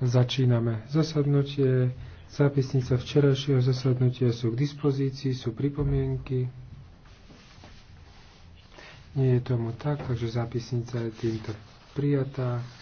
Začíname zasadnutie. Zápisnica včerajšieho zasadnutia sú k dispozícii, sú pripomienky. Nie je tomu tak, takže zápisnica je týmto prijatá.